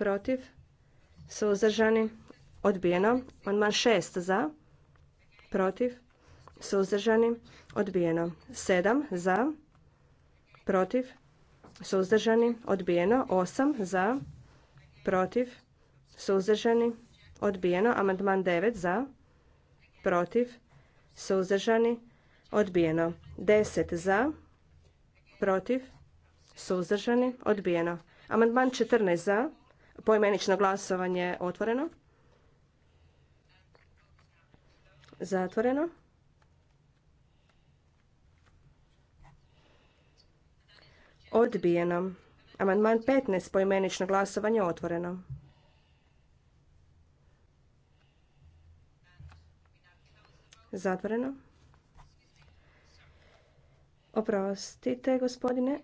protiv, suzdržani, odbijeno. Amandman 6 za, protiv, suzdržani, odbijeno. 7 za, protiv, suzdržani, odbijeno. 8 za, protiv, suzdržani, odbijeno. Amandman 9 za, protiv, suzdržani, odbijeno. 10 za, protiv, suzdržani, odbijeno. Amandman 14 za, Poimenično glasovanje otvoreno. Zatvoreno. Odbijeno. Amandman 15. Poimenično glasovanje otvoreno. Zatvoreno. Oprostite, gospodine.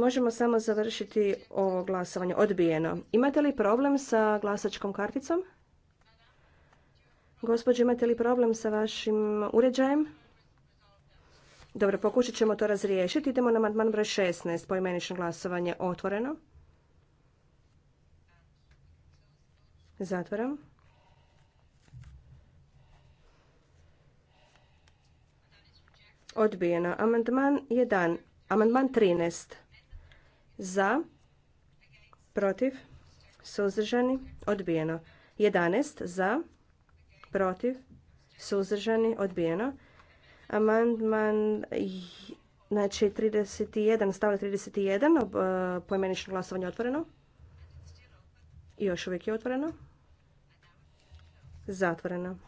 Možemo samo završiti ovo glasovanje. Odbijeno. Imate li problem sa glasačkom karticom? Gospođo, imate li problem sa vašim uređajem? Dobro, pokušat ćemo to razriješiti. Idemo na amandman broj 16, poimenično glasovanje otvoreno. Zatvaram. Odbijeno. Amandman 1. Amandman 13 za, protiv, suzdržani, odbijeno. 11 za, protiv, suzdržani, odbijeno. Amandman znači 31, stavlja 31, pojmenično glasovanje otvoreno. I još uvijek je otvoreno. Zatvoreno.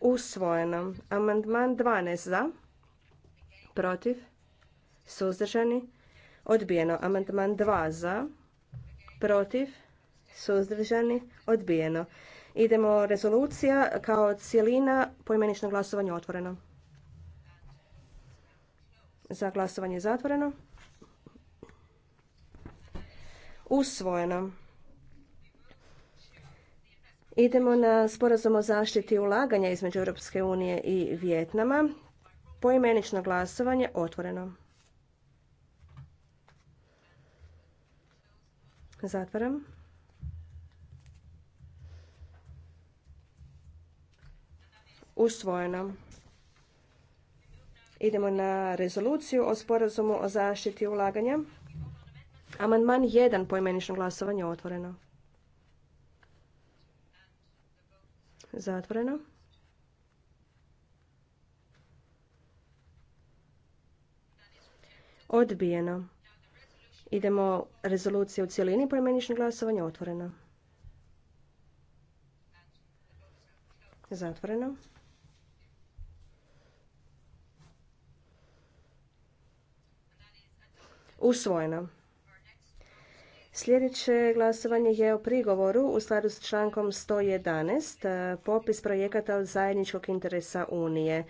Usvojeno. Amandman 12 za, protiv, suzdržani, odbijeno. Amandman 2 za, protiv, suzdržani, odbijeno. Idemo rezolucija kao cijelina poimenično glasovanje otvoreno. Za glasovanje zatvoreno. Usvojeno. Idemo na sporazum o zaštiti ulaganja između Europske unije i Vijetnama. Poimenično glasovanje otvoreno. Zatvaram. Usvojeno. Idemo na rezoluciju o sporazumu o zaštiti ulaganja. Amandman 1 poimenično glasovanje otvoreno. Zatvoreno. Odbijeno. Idemo rezolucije u cijelini, pojmenično glasovanje otvoreno. Zatvoreno. Usvojeno. Sljedeće glasovanje je o prigovoru u skladu s člankom 111, e, popis projekata od zajedničkog interesa Unije.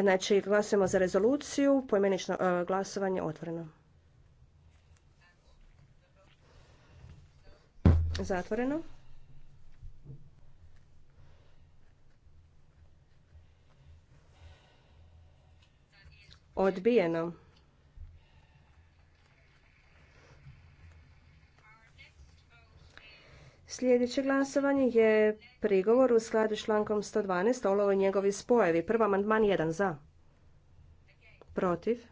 Znači, glasujemo za rezoluciju, pojmenično e, glasovanje otvoreno. Zatvoreno. Odbijeno. Sljedeće glasovanje je prigovor u skladu s člankom 112 olovo i njegovi spojevi. Prvo amandman 1 za. Protiv.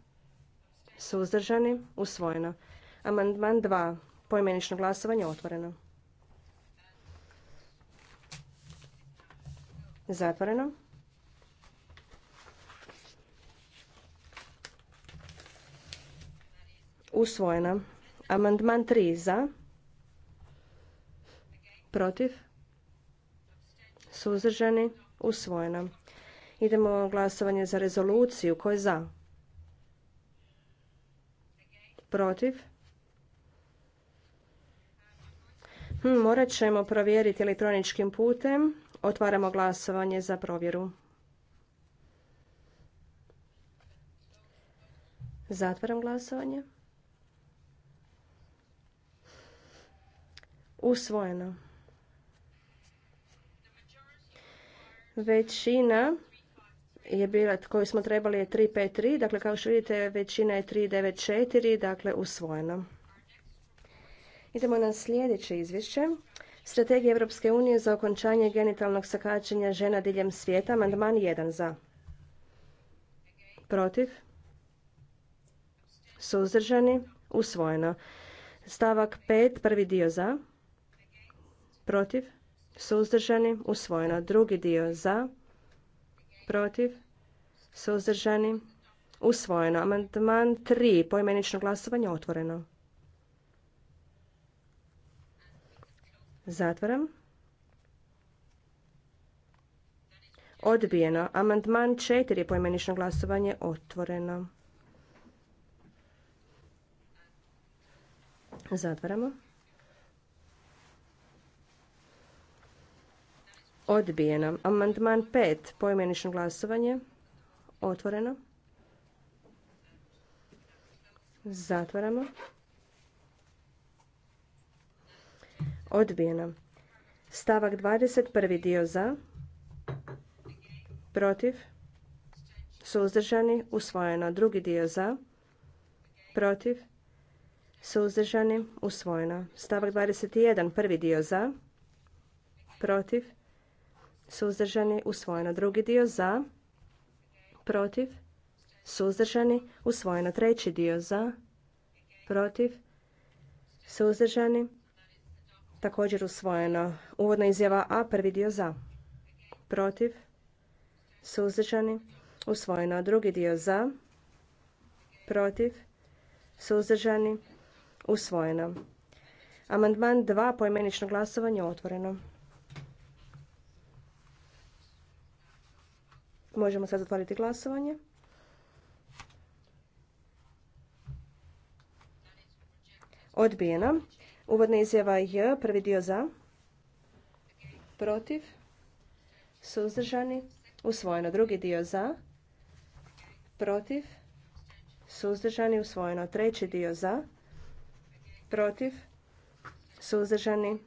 Suzdržani. Usvojeno. Amandman 2. pojmenično glasovanje otvoreno. Zatvoreno. Usvojena. Amandman 3 za. Protiv. Suzdržani. Usvojena. Idemo glasovanje za rezoluciju. Ko je za? Protiv. Hm, morat ćemo provjeriti elektroničkim putem. Otvaramo glasovanje za provjeru. Zatvaram glasovanje. Usvojeno. Većina je bila koju smo trebali je 3. dakle kao što vidite većina je 4. dakle usvojeno. Idemo na sljedeće izvješće. Strategija Europske unije za okončanje genitalnog sakačenja žena diljem svijeta. Amandman 1 za. Protiv. Suzdržani. Usvojeno. Stavak 5. Prvi dio za. Protiv. Suzdržani. Usvojeno. Drugi dio za. Protiv. Suzdržani. Usvojeno. Amandman 3. Poimenično glasovanje otvoreno. Zatvaram. Odbijeno. Amandman 4 je poimenično glasovanje otvoreno. Zatvaramo. Odbijeno. Amandman 5 poimenično glasovanje otvoreno. Zatvaramo. Odbijeno. Stavak 21. dio za. Protiv. Suzdržani. Usvojeno. Drugi dio za. Protiv. Suzdržani. Usvojeno. Stavak 21. Prvi dio za. Protiv. Suzdržani. Usvojeno. Drugi dio za. Protiv. Suzdržani. Usvojeno. Treći dio za. Protiv. Suzdržani također usvojeno. Uvodna izjava A, prvi dio za, protiv, suzdržani, usvojeno. Drugi dio za, protiv, suzdržani, usvojeno. Amandman 2, poimenično glasovanje, otvoreno. Možemo sad otvoriti glasovanje. Odbijeno. Uvodna izjava J, prvi dio za, protiv, suzdržani, usvojeno. Drugi dio za, protiv, suzdržani, usvojeno. Treći dio za, protiv, suzdržani,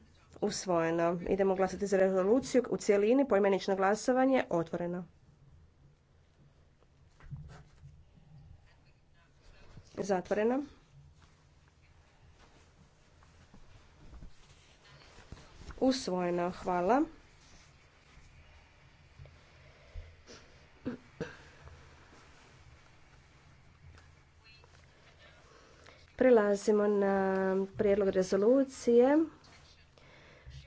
usvojeno. Idemo glasati za rezoluciju u cijelini, poimenično glasovanje, otvoreno. Zatvoreno. Usvojeno. Hvala. Prelazimo na prijedlog rezolucije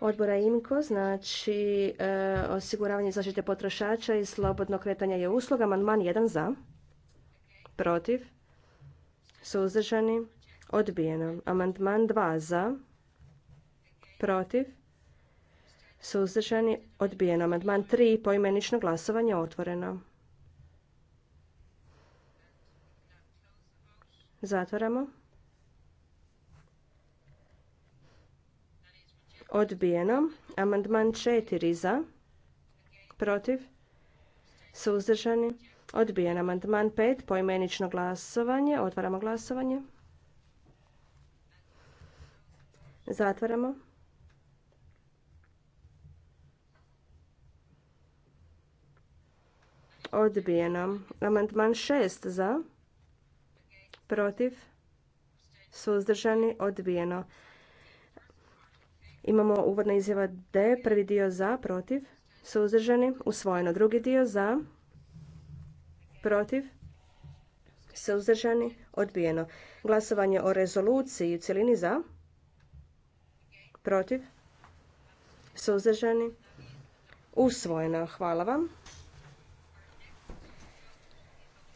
odbora INKO. znači e, osiguravanje zaštite potrošača i slobodno kretanje je usluga. Amandman 1 za, protiv, suzdržani, odbijeno. Amandman 2 za, protiv, Suzdržani? Odbijeno. Amandman 3. Poimenično glasovanje otvoreno. Zatvaramo. Odbijeno. Amandman 4 za. Protiv. Suzdržani. Odbijen amandman 5. Poimenično glasovanje. Otvaramo glasovanje. Zatvaramo. Odbijeno. Amandman 6 za. Protiv. Suzdržani. Odbijeno. Imamo uvodna izjava D. Prvi dio za. Protiv. Suzdržani. Usvojeno. Drugi dio za. Protiv. Suzdržani. Odbijeno. Glasovanje o rezoluciji u cjelini za. Protiv. Suzdržani. Usvojeno. Hvala vam.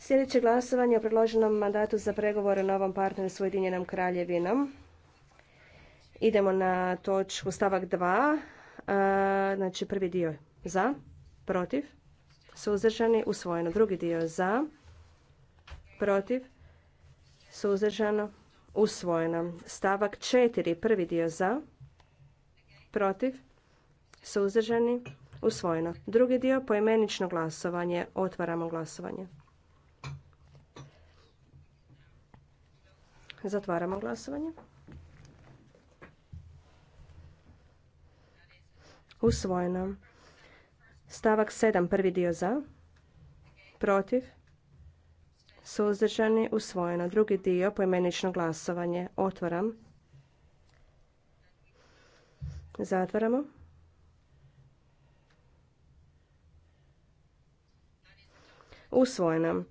Sljedeće glasovanje o predloženom mandatu za pregovore o novom partnerstvu s Ujedinjenom kraljevinom. Idemo na točku stavak 2. Znači prvi dio za, protiv, suzdržani, usvojeno. Drugi dio za, protiv, suzdržano, usvojeno. Stavak 4. Prvi dio za, protiv, suzdržani, usvojeno. Drugi dio poimenično glasovanje. Otvaramo glasovanje. Zatvaramo glasovanje. Usvojeno. Stavak 7. Prvi dio za. Protiv. Suzdržani. Usvojeno. Drugi dio poimenično glasovanje. Otvaram. Zatvaramo. Usvojeno.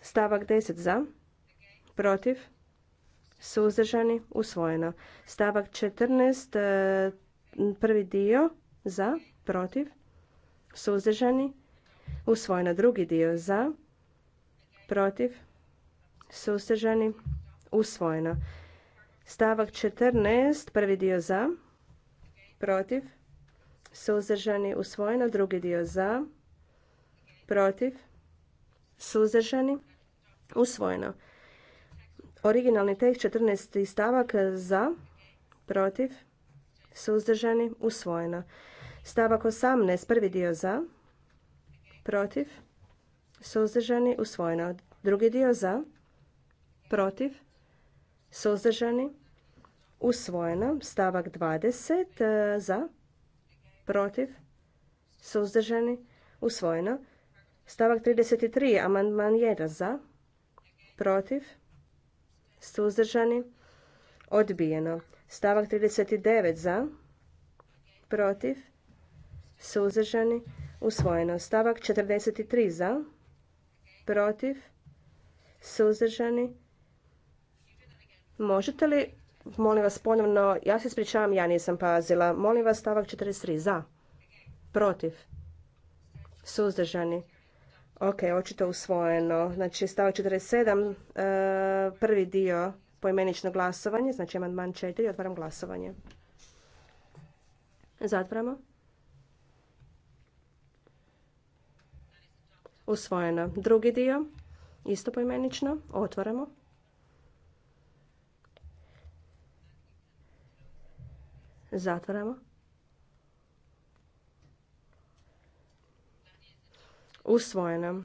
Stavak 10 za. Protiv suzdržani, usvojeno. Stavak 14, e, prvi dio za, protiv, suzdržani, usvojeno. Drugi dio za, protiv, suzdržani, usvojeno. Stavak 14, prvi dio za, protiv, suzdržani, usvojeno. Drugi dio za, protiv, suzdržani, usvojeno. Originalni tekst 14. stavak za, protiv, suzdržani, usvojeno. Stavak 18. prvi dio za, protiv, suzdržani, usvojeno. Drugi dio za, protiv, suzdržani, usvojeno. Stavak 20. za, protiv, suzdržani, usvojeno. Stavak 33. amandman 1 za, protiv, suzdržani, odbijeno. Stavak 39 za, protiv, suzdržani, usvojeno. Stavak 43 za, protiv, suzdržani. Možete li, molim vas ponovno, ja se ispričavam, ja nisam pazila. Molim vas stavak 43 za, protiv, suzdržani, Ok, očito usvojeno. Znači, stavak 47, sedam e, prvi dio poimenično glasovanje, znači amandman 4, otvaram glasovanje. Zatvaramo. Usvojeno. Drugi dio, isto poimenično, otvaramo. Zatvaramo. usvojeno.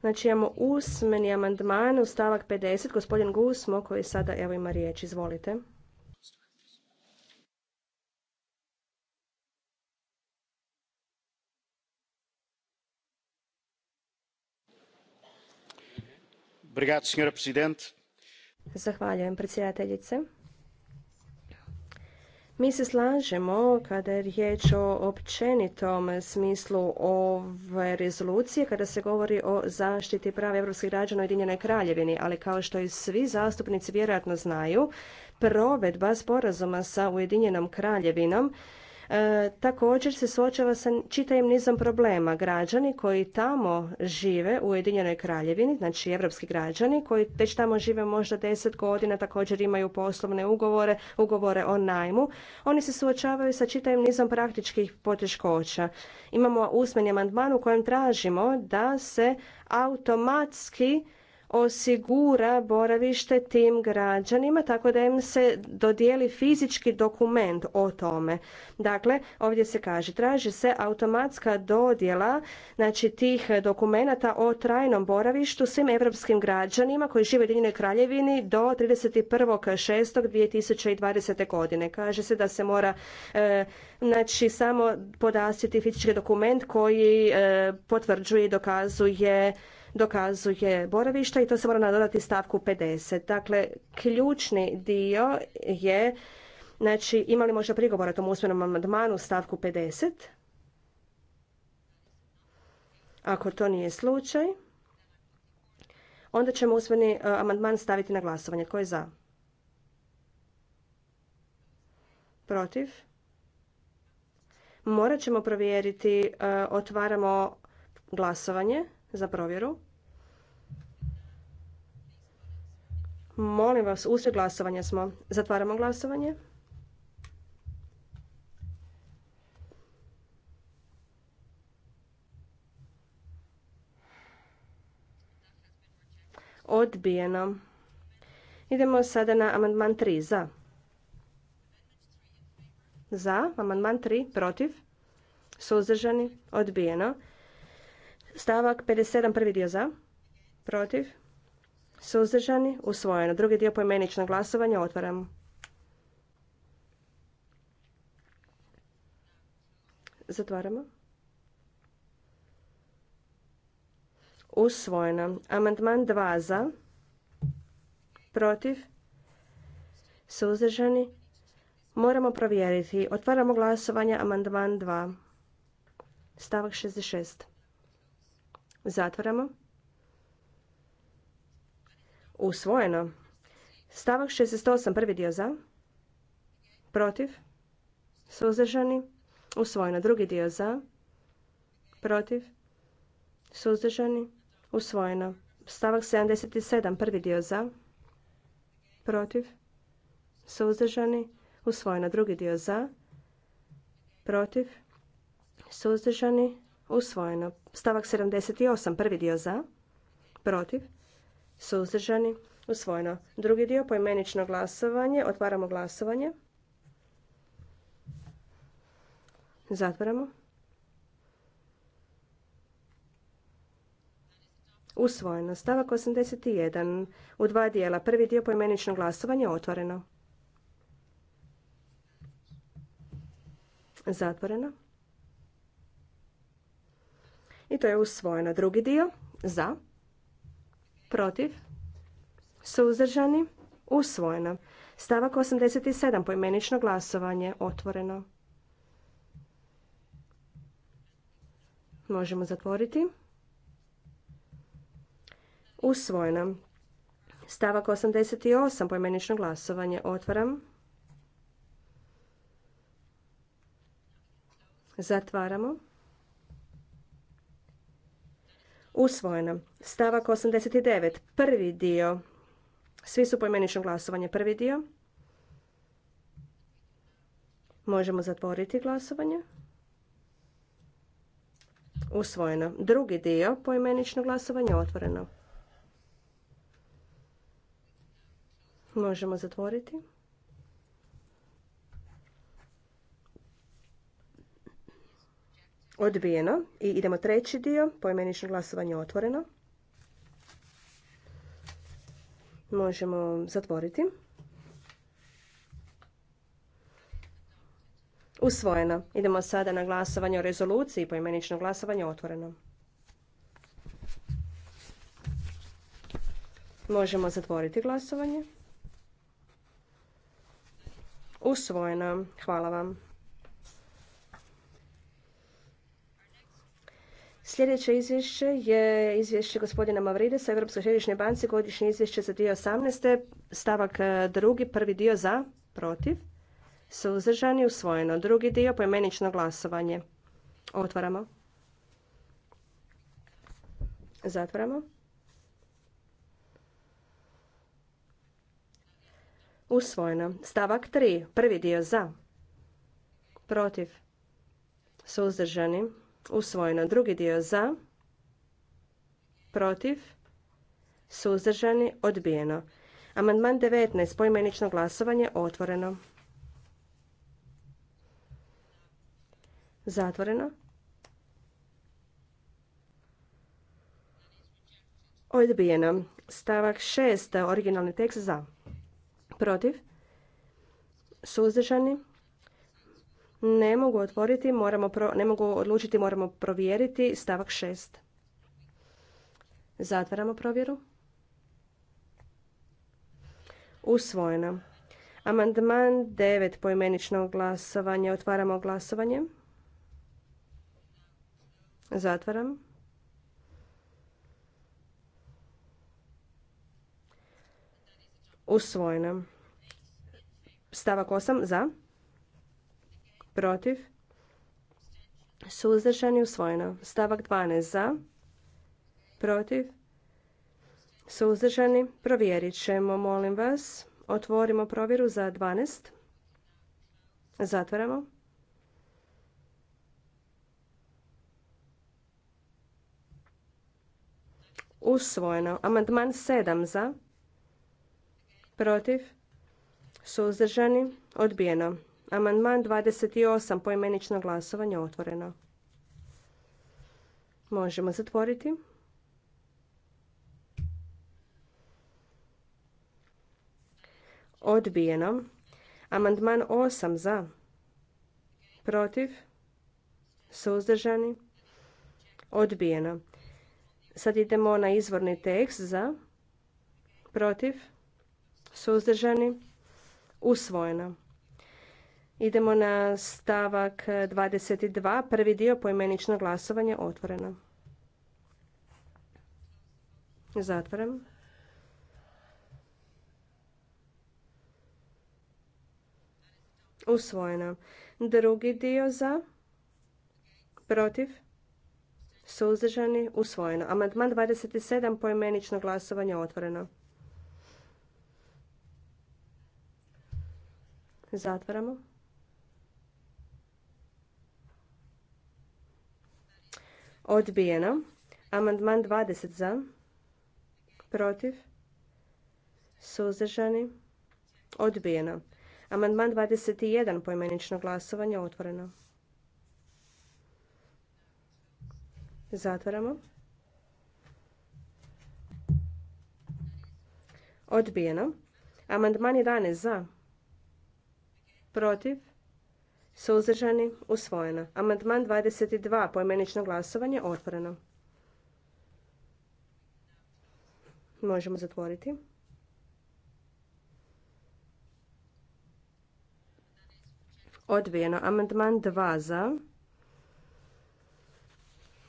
Znači imamo usmeni amandman u stavak 50. Gospodin Gusmo koji sada evo ima riječ. Izvolite. Zahvaljujem predsjedateljice. Mi se slažemo kada je riječ o općenitom smislu ove rezolucije, kada se govori o zaštiti prava evropskih građana u Ujedinjenoj kraljevini, ali kao što i svi zastupnici vjerojatno znaju, provedba sporazuma sa Ujedinjenom kraljevinom E, također se suočava sa čitavim nizom problema. Građani koji tamo žive u Ujedinjenoj kraljevini, znači evropski građani koji već tamo žive možda deset godina, također imaju poslovne ugovore, ugovore o najmu, oni se suočavaju sa čitavim nizom praktičkih poteškoća. Imamo usmeni amandman u kojem tražimo da se automatski osigura boravište tim građanima tako da im se dodijeli fizički dokument o tome. Dakle, ovdje se kaže traži se automatska dodjela znači tih dokumenata o trajnom boravištu svim europskim građanima koji žive u Ujedinjenoj Kraljevini do 31.6.2020. godine. Kaže se da se mora e, znači samo podastiti fizički dokument koji e, potvrđuje i dokazuje dokazuje boravište i to se mora nadodati stavku 50. Dakle, ključni dio je, znači, imali možda o tom usmenom amandmanu stavku 50? Ako to nije slučaj, onda ćemo usmeni e, amandman staviti na glasovanje. Tko je za? Protiv? Morat ćemo provjeriti, e, otvaramo glasovanje za provjeru. Molim vas, usred glasovanja smo. Zatvaramo glasovanje. Odbijeno. Idemo sada na amandman 3. Za. Za. Amandman 3. Protiv. Suzdržani. Odbijeno. Stavak 57. Prvi dio za. Protiv. Suzdržani? Usvojeno. Drugi dio poimeničnog glasovanja. Otvaram. Zatvaramo. Usvojeno. Amandman 2 za. Protiv. Suzdržani? Moramo provjeriti. Otvaramo glasovanje. Amandman 2. Stavak 66. Zatvaramo. Usvojeno. Stavak 68. Prvi dio za. Protiv. Suzdržani. Usvojeno. Drugi dio za. Protiv. Suzdržani. Usvojeno. Stavak 77. Prvi dio za. Protiv. Suzdržani. Usvojeno. Drugi dio za. Protiv. Suzdržani. Usvojeno. Stavak 78. Prvi dio za. Protiv suzdržani, usvojeno. Drugi dio poimenično glasovanje, otvaramo glasovanje. Zatvaramo. Usvojeno. Stavak 81. U dva dijela. Prvi dio poimenično glasovanje otvoreno. Zatvoreno. I to je usvojeno. Drugi dio. Za protiv, suzdržani, usvojeno. Stavak 87. pojmenično glasovanje otvoreno. Možemo zatvoriti. Usvojeno. Stavak 88. pojmenično glasovanje otvaram. Zatvaramo. Usvojeno. Stavak 89. Prvi dio. Svi su poimenično glasovanje. Prvi dio. Možemo zatvoriti glasovanje. Usvojeno. Drugi dio poimenično glasovanje otvoreno. Možemo zatvoriti. Odbijeno. I idemo treći dio. Poimenično glasovanje otvoreno. Možemo zatvoriti. Usvojeno. Idemo sada na glasovanje o rezoluciji. Poimenično glasovanje otvoreno. Možemo zatvoriti glasovanje. Usvojeno. Hvala vam. Sljedeće izvješće je izvješće gospodina Mavridesa, Europske središnje banci, godišnje izvješće za 2018. Stavak e, drugi, prvi dio za, protiv, suzdržani, usvojeno. Drugi dio, pojmenično glasovanje. Otvaramo. Zatvaramo. Usvojeno. Stavak tri, Prvi dio za. Protiv. Suzdržani usvojeno. Drugi dio za, protiv, suzdržani, odbijeno. Amandman 19. Pojmenično glasovanje otvoreno. Zatvoreno. Odbijeno. Stavak 6. Originalni tekst za. Protiv. Suzdržani. Ne mogu otvoriti, moramo pro, ne mogu odlučiti, moramo provjeriti stavak šest. Zatvaramo provjeru. Usvojeno. Amandman devet poimenično glasovanje. Otvaramo glasovanje. Zatvaram. Usvojeno. Stavak osam za protiv, suzdržani, usvojeno. Stavak 12 za, protiv, suzdržani, provjerit ćemo, molim vas. Otvorimo provjeru za 12. Zatvaramo. Usvojeno. Amandman 7 za, protiv, suzdržani, odbijeno. Amandman 28. Poimenično glasovanje otvoreno. Možemo zatvoriti. Odbijeno. Amandman 8 za. Protiv. Suzdržani. Odbijeno. Sad idemo na izvorni tekst za. Protiv. Suzdržani. Usvojeno. Idemo na stavak 22, prvi dio poimenično glasovanje otvoreno. Zatvaram. Usvojeno. Drugi dio za, protiv, suzdržani, usvojeno. Amandman 27, poimenično glasovanje otvoreno. Zatvaramo. Odbijeno. Amandman 20 za. Protiv. Suzdržani. Odbijeno. Amandman 21 pojmenično glasovanje otvoreno. Zatvaramo. Odbijeno. Amandman 11 za. Protiv. Suzdržani? Usvojeno. Amandman 22. Poimenično glasovanje. Otvoreno. Možemo zatvoriti. Odbijeno. Amandman 2 za.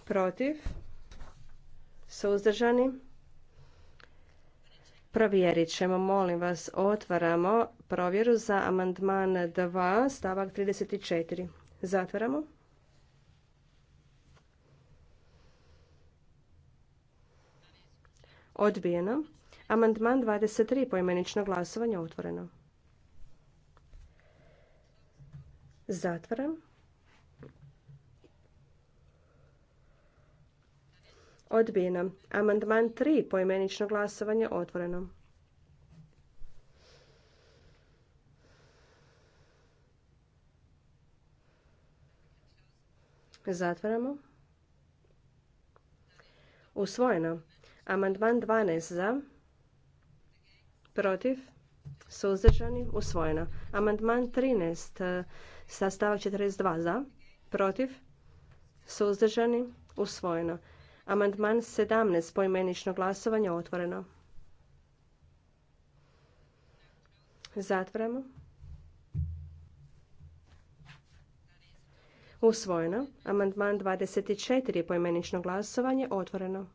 Protiv. Suzdržani? Provjerit ćemo, molim vas, otvaramo provjeru za amandman 2, stavak 34. Zatvaramo. Odbijeno. Amandman 23, poimenično glasovanje, otvoreno. Zatvaram. Odbijeno. Amandman 3. Poimenično glasovanje otvoreno. Zatvaramo. Usvojeno. Amandman 12 za. Protiv. Suzdržani. Usvojeno. Amandman 13 eh, sa 42 za. Protiv. Suzdržani. Usvojeno. Amandman 17. Poimenično glasovanje otvoreno. Zatvaramo. Usvojeno. Amandman 24. Poimenično glasovanje otvoreno.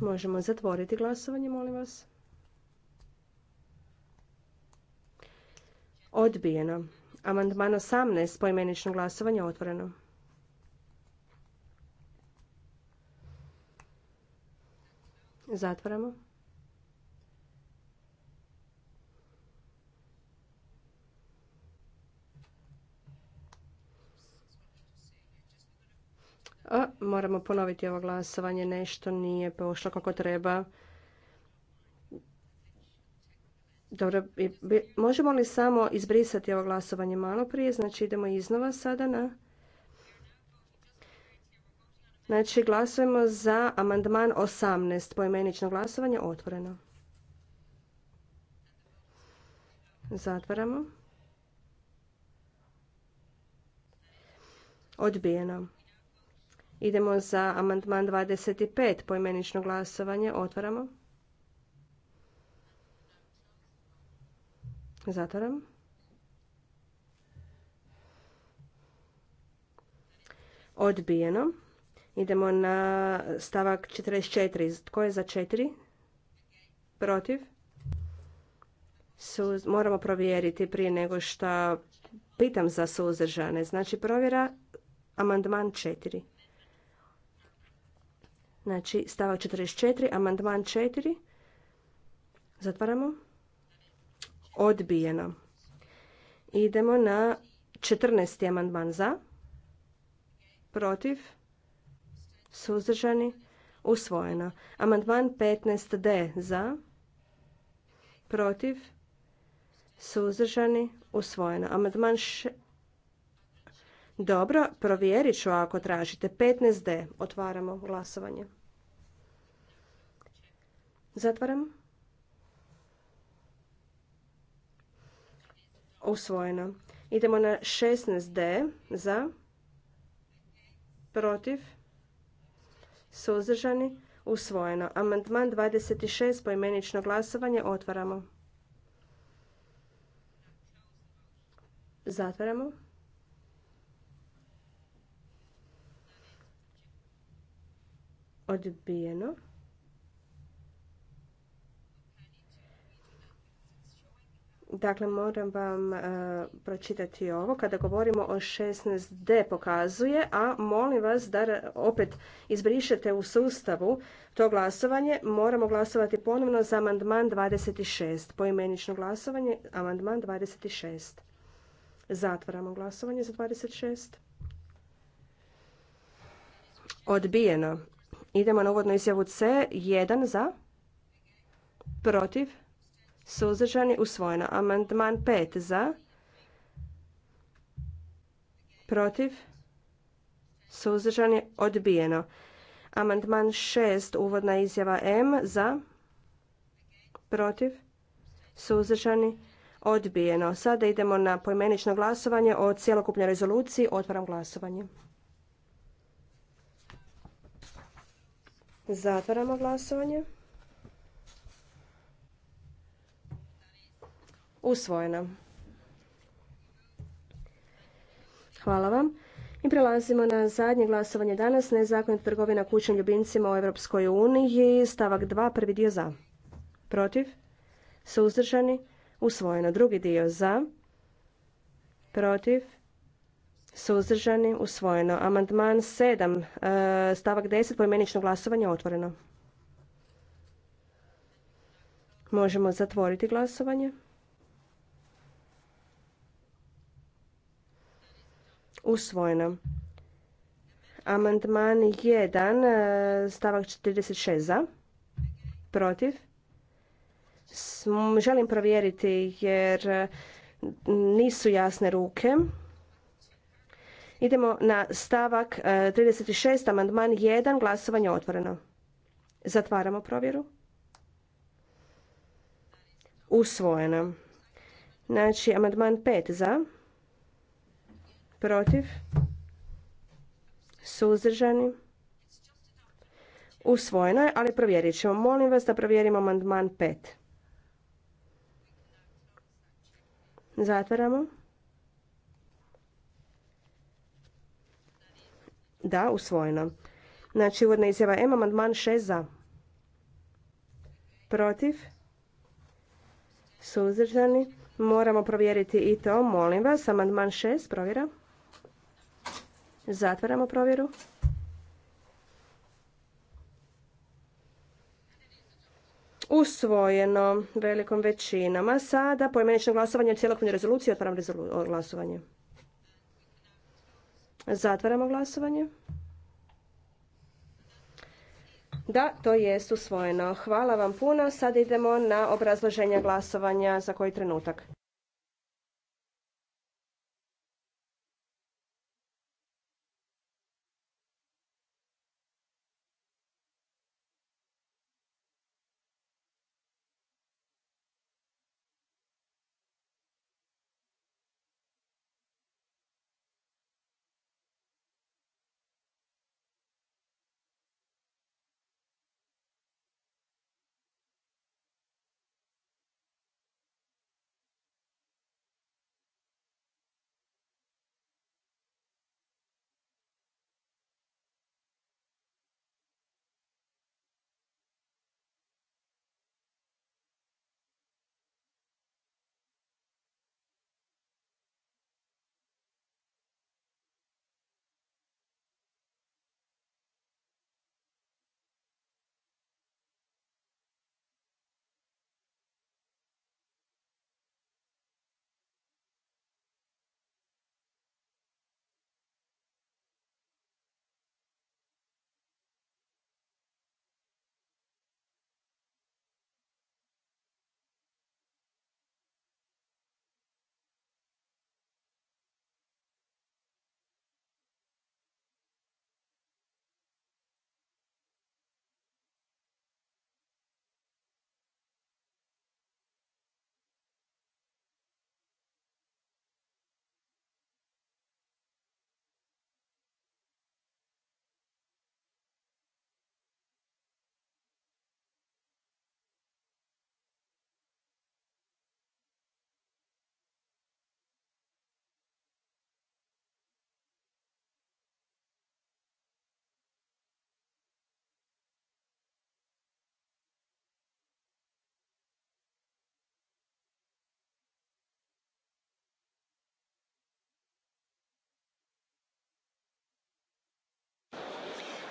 Možemo zatvoriti glasovanje, molim vas. Odbijeno. Amandman 18. Poimenično glasovanje otvoreno. Zatvaramo. A, moramo ponoviti ovo glasovanje, nešto nije pošlo kako treba. Dobro, možemo li samo izbrisati ovo glasovanje malo prije? Znači idemo iznova sada na Znači glasujemo za amandman 18. Poimenično glasovanje otvoreno. Zatvaramo. Odbijeno. Idemo za amandman 25. Poimenično glasovanje otvaramo. Zatvaram. Odbijeno. Idemo na stavak 44. Tko je za četiri? Protiv? moramo provjeriti prije nego što pitam za suzdržane. Znači provjera amandman 4. Znači stavak 44, amandman 4. Zatvaramo. Odbijeno. Idemo na 14. amandman za. Protiv suzdržani, usvojeno. Amandman 15D za, protiv, suzdržani, usvojeno. Amandman š... Dobro, provjerit ću ako tražite. 15D. Otvaramo glasovanje. Zatvaram. Usvojeno. Idemo na 16D za, protiv, Suzdržani? Usvojeno. Amandman 26. Poimenično glasovanje. Otvaramo. Zatvaramo. Odbijeno. Dakle, moram vam e, pročitati ovo. Kada govorimo o 16D pokazuje, a molim vas da opet izbrišete u sustavu to glasovanje. Moramo glasovati ponovno za amandman 26. Poimenično glasovanje, amandman 26. Zatvaramo glasovanje za 26. Odbijeno. Idemo na uvodnu izjavu C. 1 za. Protiv suzdržani, usvojeno. Amandman 5 za, protiv, suzdržani, odbijeno. Amandman 6, uvodna izjava M, za, protiv, suzdržani, odbijeno. Sada idemo na poimenično glasovanje o cjelokupnoj rezoluciji. Otvaram glasovanje. Zatvaramo glasovanje. usvojeno. Hvala vam. I prelazimo na zadnje glasovanje danas, nezakonit trgovina kućnim ljubimcima u Europskoj uniji, stavak 2, prvi dio za. Protiv? Suzdržani? Usvojeno. Drugi dio za. Protiv? Suzdržani? Usvojeno. Amandman 7, e, stavak 10, poimenično glasovanje otvoreno. Možemo zatvoriti glasovanje. usvojeno. Amandman 1, e, stavak 46 za, protiv. Želim provjeriti jer nisu jasne ruke. Idemo na stavak 36, e, amandman 1, glasovanje otvoreno. Zatvaramo provjeru. Usvojeno. Znači, amandman 5 za, protiv, suzdržani, usvojeno je, ali provjerit ćemo. Molim vas da provjerimo amandman 5. Zatvaramo. Da, usvojeno. Znači, uvodna izjava M, amandman 6 za. Protiv. Suzdržani. Moramo provjeriti i to. Molim vas, amandman 6, provjera. Zatvaramo provjeru. Usvojeno velikom većinama. Sada poimenično glasovanje o cijelokupnoj rezoluciji. Otvaram glasovanje. Zatvaramo glasovanje. Da, to jest usvojeno. Hvala vam puno. Sada idemo na obrazloženje glasovanja za koji trenutak.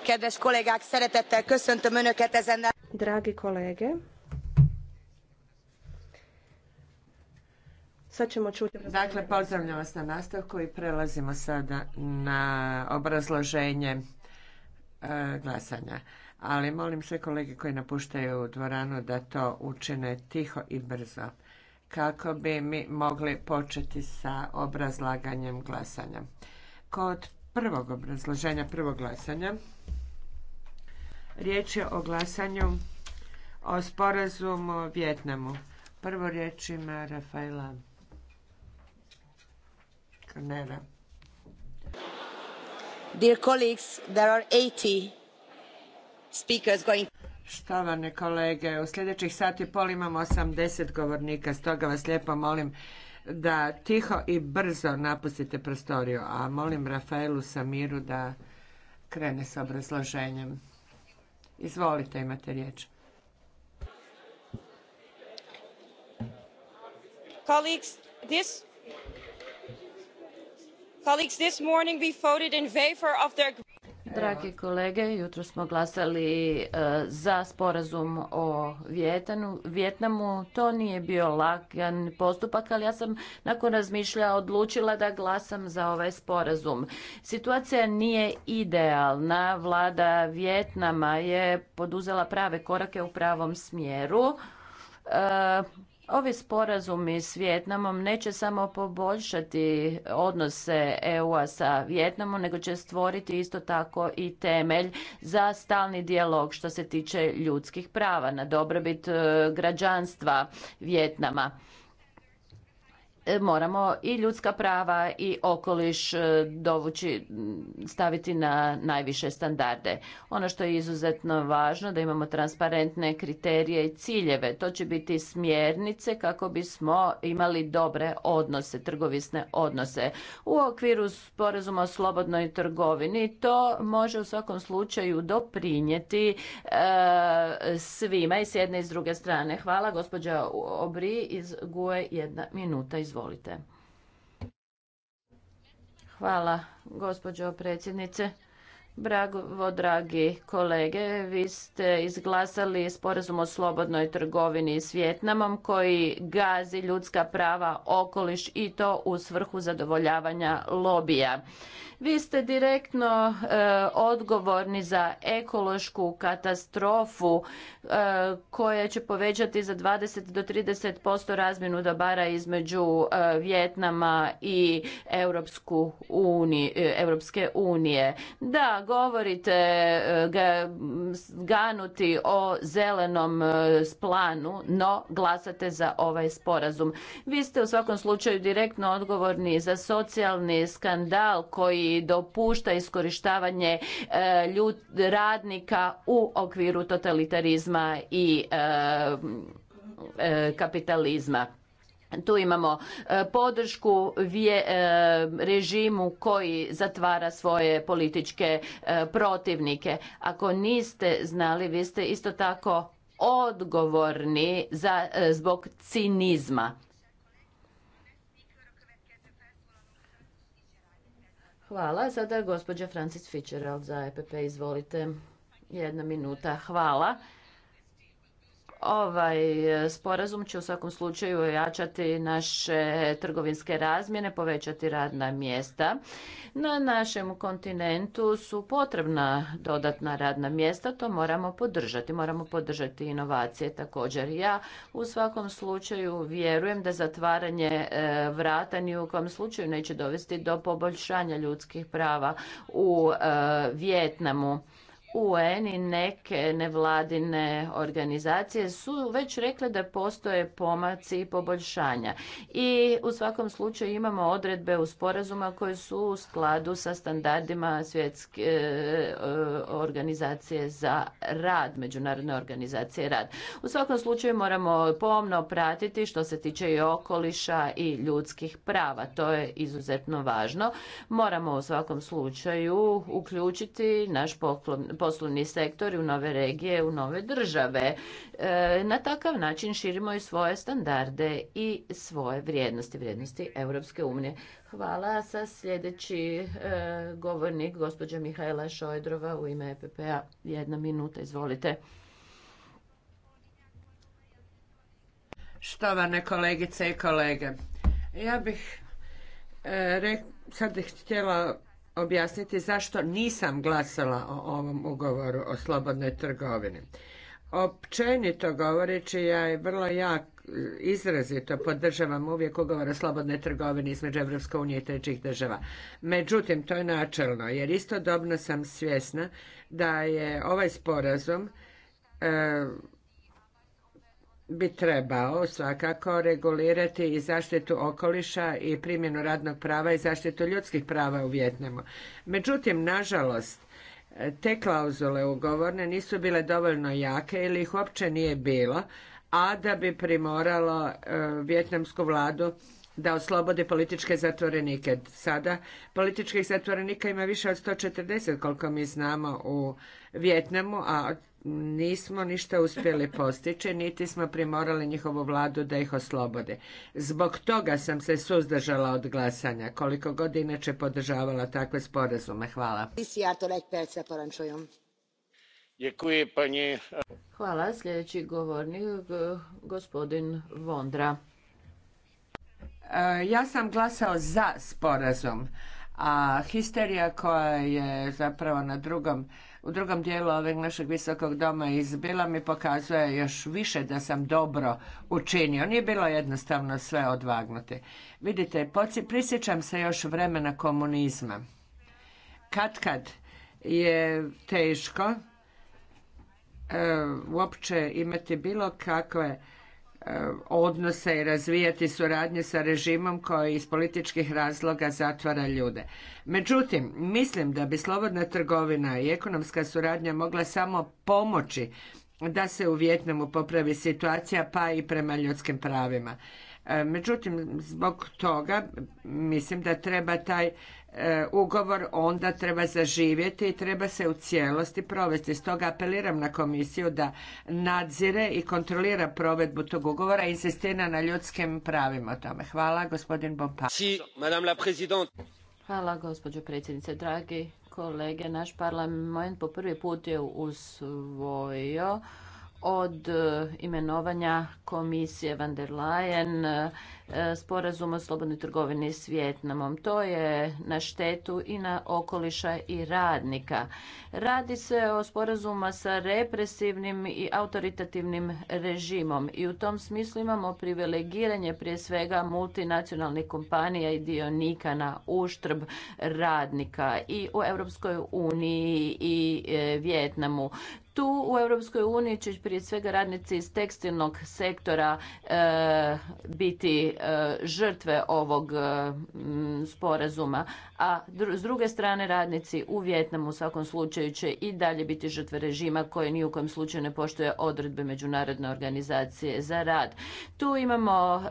Kedves kollégák, szeretettel köszöntöm Önöket ezen. Dragi kolege, Sad ćemo čuti. Dakle, pozdravljam vas na nastavku i prelazimo sada na obrazloženje e, glasanja. Ali molim sve kolege koji napuštaju dvoranu da to učine tiho i brzo kako bi mi mogli početi sa obrazlaganjem glasanja. Kod prvog obrazloženja, prvog glasanja, Riječ je o glasanju o sporazumu o Vjetnamu. Prvo riječ ima Rafaela Kornera. Dear colleagues, there are 80 speakers going... Štovane kolege, u sljedećih sati pol imamo 80 govornika, stoga vas lijepo molim da tiho i brzo napustite prostoriju, a molim Rafaelu Samiru da krene s obrazloženjem. Izvolite, imate riječ. Colleagues, this... Colleagues, this morning we voted in favor of their... Dragi kolege, jutro smo glasali e, za sporazum o Vjetnamu. To nije bio lagan postupak, ali ja sam nakon razmišlja odlučila da glasam za ovaj sporazum. Situacija nije idealna. Vlada Vjetnama je poduzela prave korake u pravom smjeru. E, Ovi sporazumi s Vjetnamom neće samo poboljšati odnose EU-a sa Vjetnamom, nego će stvoriti isto tako i temelj za stalni dijalog što se tiče ljudskih prava na dobrobit e, građanstva Vjetnama. E, moramo i ljudska prava i okoliš e, dovući, staviti na najviše standarde. Ono što je izuzetno važno da imamo transparentne kriterije i ciljeve. To će biti smjernice kako bismo imali dobre odnose, trgovisne odnose. U okviru sporazuma o slobodnoj trgovini to može u svakom slučaju doprinijeti e, svima i s jedne i s druge strane. Hvala gospođa Obri iz guje jedna minuta. iz Izvolite. Hvala, gospođo predsjednice. Bravo, dragi kolege, vi ste izglasali sporazum o slobodnoj trgovini s Vjetnamom koji gazi ljudska prava, okoliš i to u svrhu zadovoljavanja lobija. Vi ste direktno e, odgovorni za ekološku katastrofu e, koja će povećati za 20 do 30% razmjenu dobara između e, Vjetnama i Europsku uniju, e, Europske unije. Da, govorite ganuti o zelenom planu, no glasate za ovaj sporazum. Vi ste u svakom slučaju direktno odgovorni za socijalni skandal koji dopušta iskorištavanje e, radnika u okviru totalitarizma i e, e, kapitalizma tu imamo podršku režimu koji zatvara svoje političke protivnike ako niste znali vi ste isto tako odgovorni zbog cinizma Hvala. Sada je gospođa Francis Fitzgerald za EPP. Izvolite. Jedna minuta. Hvala. Ovaj sporazum će u svakom slučaju ojačati naše trgovinske razmjene, povećati radna mjesta. Na našem kontinentu su potrebna dodatna radna mjesta, to moramo podržati. Moramo podržati inovacije također. Ja u svakom slučaju vjerujem da zatvaranje e, vrata ni u kojem slučaju neće dovesti do poboljšanja ljudskih prava u e, Vjetnamu. UN i neke nevladine organizacije su već rekle da postoje pomaci i poboljšanja. I u svakom slučaju imamo odredbe u sporazuma koje su u skladu sa standardima svjetske e, e, organizacije za rad, međunarodne organizacije rad. U svakom slučaju moramo pomno pratiti što se tiče i okoliša i ljudskih prava. To je izuzetno važno. Moramo u svakom slučaju uključiti naš poklon poslovni sektor u nove regije, u nove države. E, na takav način širimo i svoje standarde i svoje vrijednosti, vrijednosti Europske unije. Hvala. Sa sljedeći e, govornik, gospođa Mihajla Šojdrova u ime EPP-a. Jedna minuta, izvolite. Štovane kolegice i kolege, ja bih e, sad htjela objasniti zašto nisam glasala o ovom ugovoru o slobodnoj trgovini. Općenito govoreći, ja je vrlo jak izrazito podržavam uvijek ugovor o slobodnoj trgovini između Evropske unije i trećih država. Međutim, to je načelno, jer istodobno sam svjesna da je ovaj sporazum e, bi trebao svakako regulirati i zaštitu okoliša i primjenu radnog prava i zaštitu ljudskih prava u Vjetnamu. Međutim, nažalost, te klauzule ugovorne nisu bile dovoljno jake ili ih uopće nije bilo, a da bi primoralo e, vjetnamsku vladu da oslobodi političke zatvorenike. Sada političkih zatvorenika ima više od 140 koliko mi znamo u Vjetnamu, a nismo ništa uspjeli postići, niti smo primorali njihovu vladu da ih oslobode. Zbog toga sam se suzdržala od glasanja, koliko god inače podržavala takve sporazume. Hvala. Eh. Hvala, sljedeći govornik, gospodin Vondra. Eh, ja sam glasao za sporazum, a histerija koja je zapravo na drugom u drugom dijelu ovog našeg visokog doma iz Bila mi pokazuje još više da sam dobro učinio. Nije bilo jednostavno sve odvagnuti. Vidite, prisjećam se još vremena komunizma. Kad kad je teško e, uopće imati bilo kakve odnose i razvijati suradnje sa režimom koji iz političkih razloga zatvara ljude. Međutim, mislim da bi slobodna trgovina i ekonomska suradnja mogla samo pomoći da se u Vjetnamu popravi situacija pa i prema ljudskim pravima. E, međutim, zbog toga mislim da treba taj e, ugovor onda treba zaživjeti i treba se u cijelosti provesti. Stoga apeliram na komisiju da nadzire i kontrolira provedbu tog ugovora i insistira na ljudskim pravima o tome. Hvala, gospodin Bompa. Hvala, gospođo predsjednice. Dragi kolege, naš parlament po prvi put je usvojio od e, imenovanja komisije van der Leyen e, sporazum o slobodnoj trgovini s Vjetnamom. To je na štetu i na okoliša i radnika. Radi se o sporazuma sa represivnim i autoritativnim režimom i u tom smislu imamo privilegiranje prije svega multinacionalnih kompanija i dionika na uštrb radnika i u Europskoj uniji i e, Vjetnamu. Tu u Europskoj uniji će prije svega radnici iz tekstilnog sektora e, biti e, žrtve ovog e, sporazuma, a s druge strane radnici u Vjetnamu u svakom slučaju će i dalje biti žrtve režima koje ni u kojem slučaju ne poštuje odredbe Međunarodne organizacije za rad. Tu imamo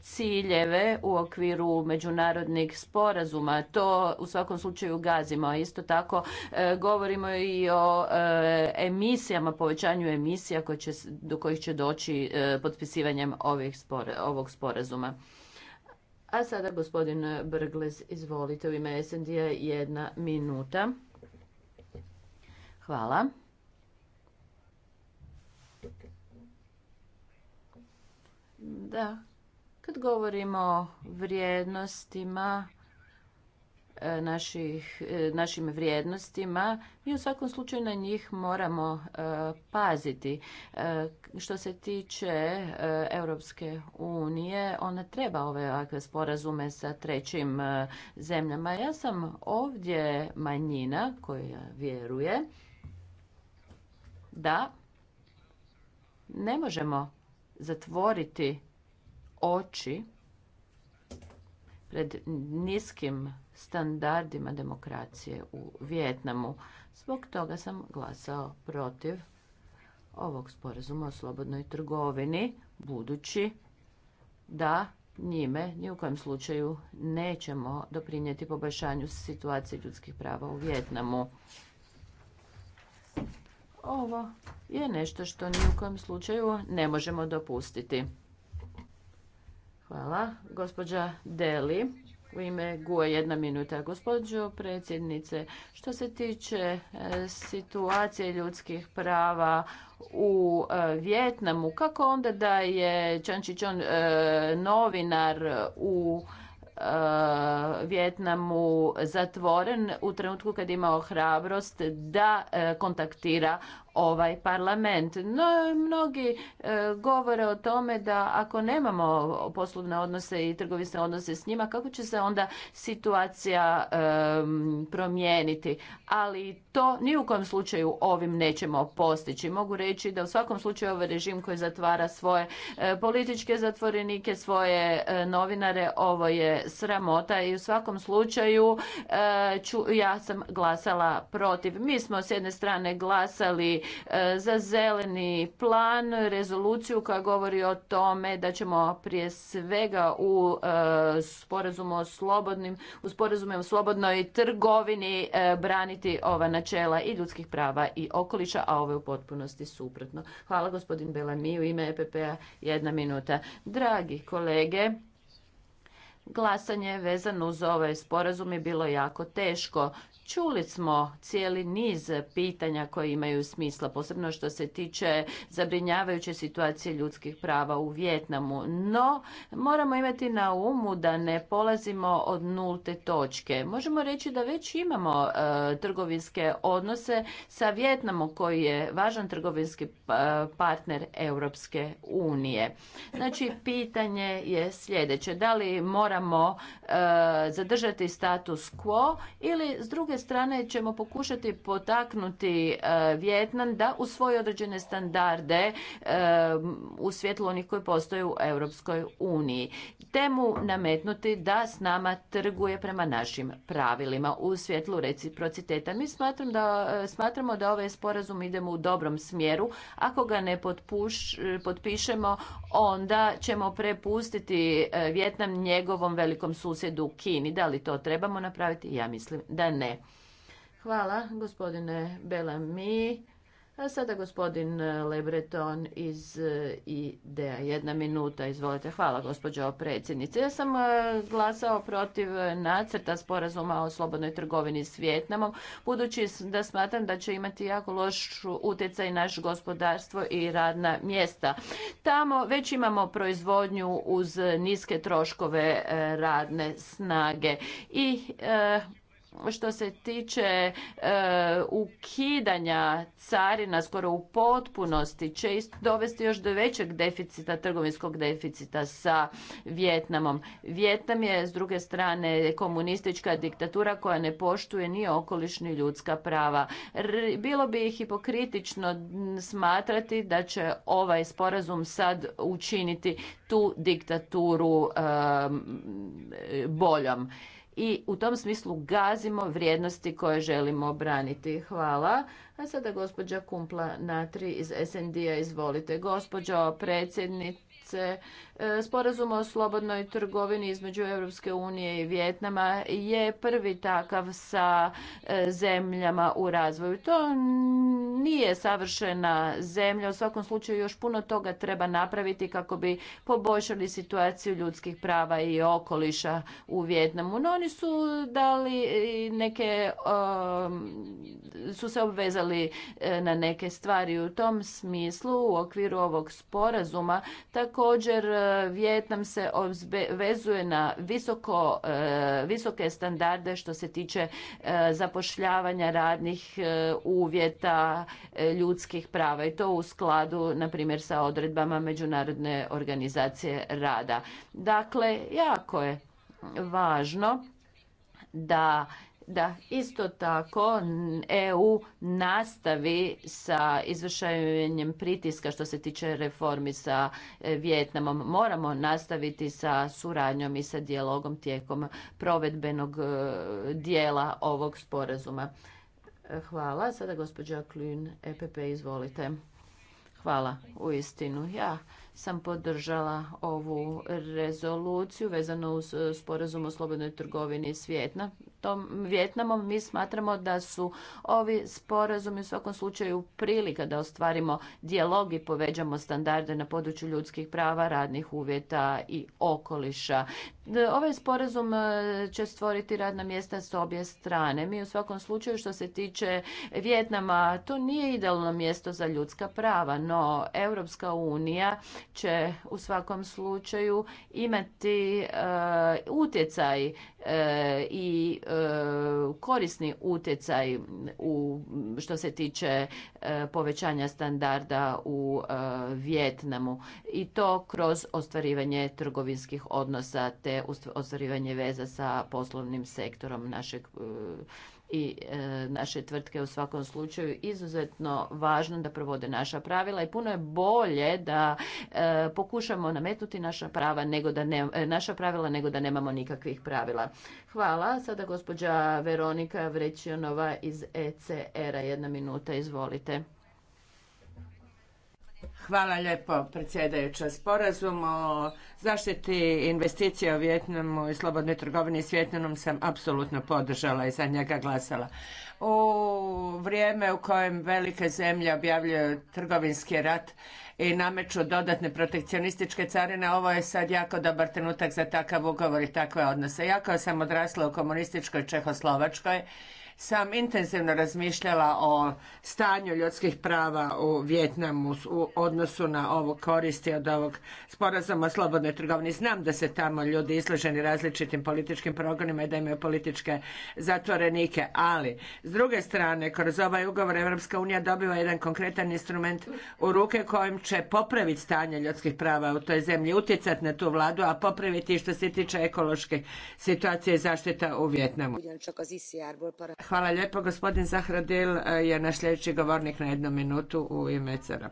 ciljeve u okviru međunarodnih sporazuma. To u svakom slučaju gazimo. Isto tako govorimo i o emisiji emisijama, povećanju emisija koje će, do kojih će doći e, potpisivanjem ovih ovog sporazuma. A sada gospodin Brgles, izvolite u ime snd jedna minuta. Hvala. Da, kad govorimo o vrijednostima, E, e, našim vrijednostima, mi u svakom slučaju na njih moramo e, paziti. Što se tiče Europske unije, ona treba ove ovakve sporazume sa trećim zemljama. Ja sam ovdje manjina koja vjeruje da ne možemo zatvoriti oči pred niskim standardima demokracije u Vijetnamu. Zbog toga sam glasao protiv ovog sporazuma o slobodnoj trgovini, budući da njime ni u kojem slučaju nećemo doprinijeti poboljšanju situacije ljudskih prava u Vjetnamu. Ovo je nešto što ni u kojem slučaju ne možemo dopustiti. Hvala. Gospođa Deli. U ime GUE jedna minuta. Gospođo predsjednice, što se tiče e, situacije ljudskih prava u e, Vjetnamu, kako onda da je Chan e, novinar u Vjetnamu zatvoren u trenutku kad ima imao hrabrost da kontaktira ovaj parlament. No, mnogi e, govore o tome da ako nemamo poslovne odnose i trgovinske odnose s njima, kako će se onda situacija e, promijeniti. Ali to ni u kojem slučaju ovim nećemo postići. Mogu reći da u svakom slučaju ovaj režim koji zatvara svoje e, političke zatvorenike, svoje e, novinare, ovo je sramota i u svakom slučaju ću, ja sam glasala protiv. Mi smo s jedne strane glasali E, za zeleni plan, rezoluciju koja govori o tome da ćemo prije svega u e, sporazumu o slobodnim, u sporazumu o slobodnoj trgovini e, braniti ova načela i ljudskih prava i okoliša, a ovo je u potpunosti suprotno. Hvala gospodin Belami u ime EPP-a jedna minuta. Dragi kolege, glasanje vezano uz ovaj sporazum je bilo jako teško. Čuli smo cijeli niz pitanja koje imaju smisla, posebno što se tiče zabrinjavajuće situacije ljudskih prava u Vjetnamu. No, moramo imati na umu da ne polazimo od nulte točke. Možemo reći da već imamo e, trgovinske odnose sa Vjetnamom koji je važan trgovinski e, partner Europske unije. Znači, pitanje je sljedeće. Da li moramo e, zadržati status quo ili s druge druge strane ćemo pokušati potaknuti e, Vjetnam da u svoje određene standarde e, u svjetlu onih koji postoje u Europskoj uniji. Temu nametnuti da s nama trguje prema našim pravilima u svjetlu reciprociteta. Mi smatram da, e, smatramo da ovaj sporazum idemo u dobrom smjeru. Ako ga ne potpišemo, onda ćemo prepustiti Vjetnam njegovom velikom susjedu Kini. Da li to trebamo napraviti? Ja mislim da ne. Hvala, gospodine Belami. A sada gospodin Lebreton iz e, IDEA. Jedna minuta, izvolite. Hvala, gospođo predsjednice. Ja sam e, glasao protiv nacrta sporazuma o slobodnoj trgovini s Vjetnamom, budući da smatram da će imati jako loš utjecaj naš gospodarstvo i radna mjesta. Tamo već imamo proizvodnju uz niske troškove e, radne snage i što se tiče e, ukidanja carina skoro u potpunosti će dovesti još do većeg deficita, trgovinskog deficita sa Vjetnamom. Vjetnam je s druge strane komunistička diktatura koja ne poštuje ni okoliš ni ljudska prava. bilo bi hipokritično smatrati da će ovaj sporazum sad učiniti tu diktaturu e, boljom i u tom smislu gazimo vrijednosti koje želimo obraniti. Hvala. A sada gospođa Kumpla Natri iz SND-a. Izvolite. Gospođo predsjednice, E, sporazum o slobodnoj trgovini između Europske unije i Vjetnama je prvi takav sa e, zemljama u razvoju. To nije savršena zemlja, u svakom slučaju još puno toga treba napraviti kako bi poboljšali situaciju ljudskih prava i okoliša u Vjetnamu. No oni su dali neke, e, su se obvezali na neke stvari u tom smislu u okviru ovog sporazuma također Vjetnam se vezuje na visoko, e, visoke standarde što se tiče e, zapošljavanja radnih e, uvjeta ljudskih prava i to u skladu, na primjer, sa odredbama Međunarodne organizacije rada. Dakle, jako je važno da da isto tako EU nastavi sa izvršavanjem pritiska što se tiče reformi sa e, Vijetnamom. Moramo nastaviti sa suradnjom i sa dijalogom tijekom provedbenog e, dijela ovog sporazuma. E, hvala. Sada gospođa klin EPP, izvolite. Hvala, u istinu. Ja sam podržala ovu rezoluciju vezano uz e, sporazum o slobodnoj trgovini s Vjetnamom. Mi smatramo da su ovi sporazumi u svakom slučaju prilika da ostvarimo dijalog i poveđamo standarde na području ljudskih prava, radnih uvjeta i okoliša. Ovaj sporazum e, će stvoriti radna mjesta s obje strane. Mi u svakom slučaju što se tiče Vjetnama, to nije idealno mjesto za ljudska prava, no Europska unija će u svakom slučaju imati e, utjecaj e, i e, korisni utjecaj u što se tiče povećanja standarda u Vjetnamu i to kroz ostvarivanje trgovinskih odnosa te ostvarivanje veza sa poslovnim sektorom našeg i e, naše tvrtke u svakom slučaju izuzetno važno da provode naša pravila i puno je bolje da e, pokušamo nametnuti naša prava nego da ne, e, naša pravila nego da nemamo nikakvih pravila. Hvala. Sada gospođa Veronika Vrećionova iz ECR-a. Jedna minuta, izvolite. Hvala lijepo, predsjedajuća. Sporazum o zaštiti investicija u Vjetnamu i slobodnoj trgovini s Vjetnamom sam apsolutno podržala i za njega glasala. U vrijeme u kojem velike zemlje objavljuju trgovinski rat i nameću dodatne protekcionističke carine, ovo je sad jako dobar trenutak za takav ugovor i takve odnose. Jako sam odrasla u komunističkoj Čehoslovačkoj sam intenzivno razmišljala o stanju ljudskih prava u Vjetnamu u odnosu na ovu koristi od ovog sporazuma o slobodnoj trgovini. Znam da se tamo ljudi izloženi različitim političkim progonima i da imaju političke zatvorenike, ali s druge strane, kroz ovaj ugovor Evropska unija dobiva jedan konkretan instrument u ruke kojim će popraviti stanje ljudskih prava u toj zemlji, utjecati na tu vladu, a popraviti što se tiče ekološke situacije i zaštita u Vjetnamu. Hvala lijepo. Gospodin Zahradil e, je naš sljedeći govornik na jednu minutu u ime Cera.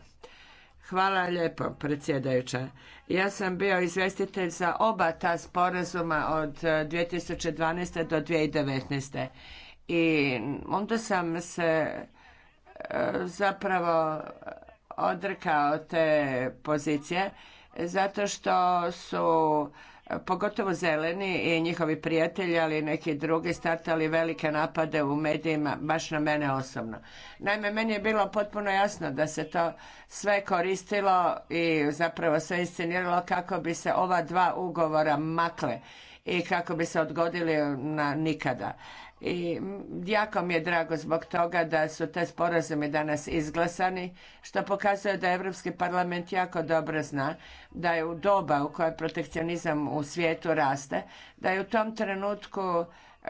Hvala lijepo, predsjedajuća. Ja sam bio izvjestitelj za oba ta sporazuma od 2012. E, do 2019. I onda sam se e, zapravo odrekao te pozicije zato što su pogotovo zeleni i njihovi prijatelji, ali i neki drugi startali velike napade u medijima, baš na mene osobno. Naime, meni je bilo potpuno jasno da se to sve koristilo i zapravo sve insceniralo kako bi se ova dva ugovora makle i kako bi se odgodili na nikada. I jako mi je drago zbog toga da su te sporazume danas izglasani, što pokazuje da Europski parlament jako dobro zna da je u doba u kojoj protekcionizam u svijetu raste, da je u tom trenutku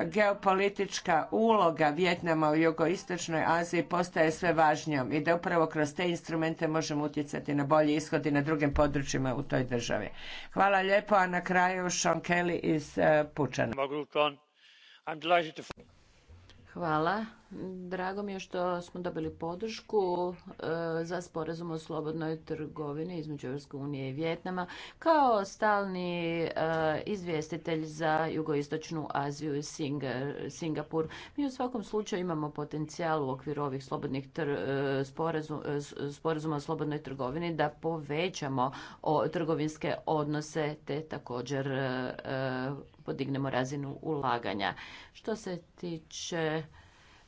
geopolitička uloga Vjetnama u jugoistočnoj Aziji postaje sve važnijom i da upravo kroz te instrumente možemo utjecati na bolji ishod i na drugim područjima u toj državi. Hvala lijepo, a na kraju Sean Kelly iz eh, Pučana. Hvala. Drago mi je što smo dobili podršku e, za sporazum o slobodnoj trgovini između Europske unije i Vjetnama kao stalni e, izvjestitelj za jugoistočnu Aziju i Singapur. Mi u svakom slučaju imamo potencijal u okviru ovih slobodnih e, sporazuma o slobodnoj trgovini da povećamo trgovinske odnose te također podignemo razinu ulaganja. Što se tiče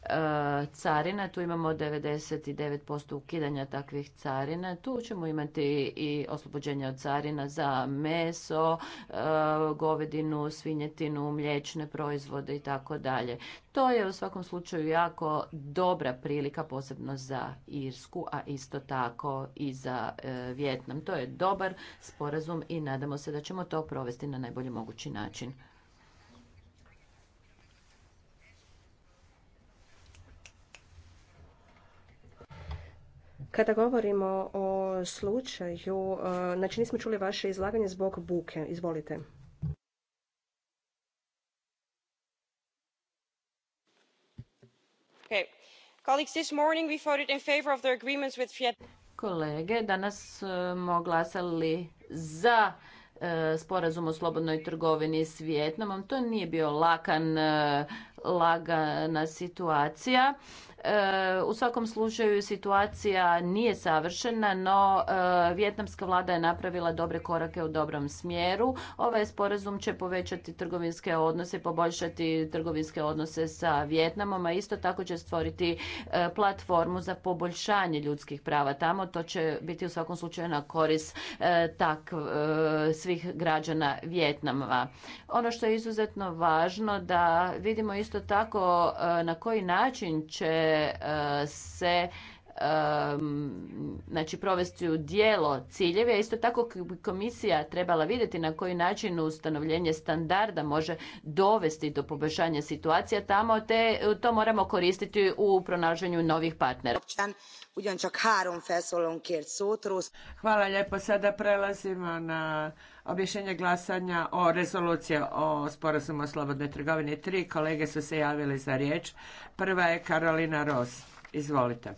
E, carina. Tu imamo 99% ukidanja takvih carina. Tu ćemo imati i oslobođenje od carina za meso, e, govedinu, svinjetinu, mliječne proizvode i tako dalje. To je u svakom slučaju jako dobra prilika, posebno za Irsku, a isto tako i za e, Vjetnam. To je dobar sporazum i nadamo se da ćemo to provesti na najbolji mogući način. Kada govorimo o slučaju, e, znači nismo čuli vaše izlaganje zbog buke. Izvolite. Kolege, danas e, smo glasali za e, sporazum o slobodnoj trgovini s Vjetnamom. To nije bio lakan, lagana situacija. E, u svakom slučaju situacija nije savršena, no e, vjetnamska vlada je napravila dobre korake u dobrom smjeru. Ovaj sporazum će povećati trgovinske odnose, poboljšati trgovinske odnose sa Vjetnamom, a isto tako će stvoriti e, platformu za poboljšanje ljudskih prava tamo. To će biti u svakom slučaju na koris tak svih građana Vjetnama. Ono što je izuzetno važno da vidimo isto tako na koji način će se e, znači provesti u dijelo ciljeve, isto tako bi komisija trebala vidjeti na koji način ustanovljenje standarda može dovesti do poboljšanja situacija tamo, te to moramo koristiti u pronaženju novih partnera. Hvala lijepo. Sada prelazimo na obješenje glasanja o rezoluciji o sporazumu o slobodnoj trgovini. Tri kolege su se javili za riječ. Prva je Karolina Ros. Izvolite.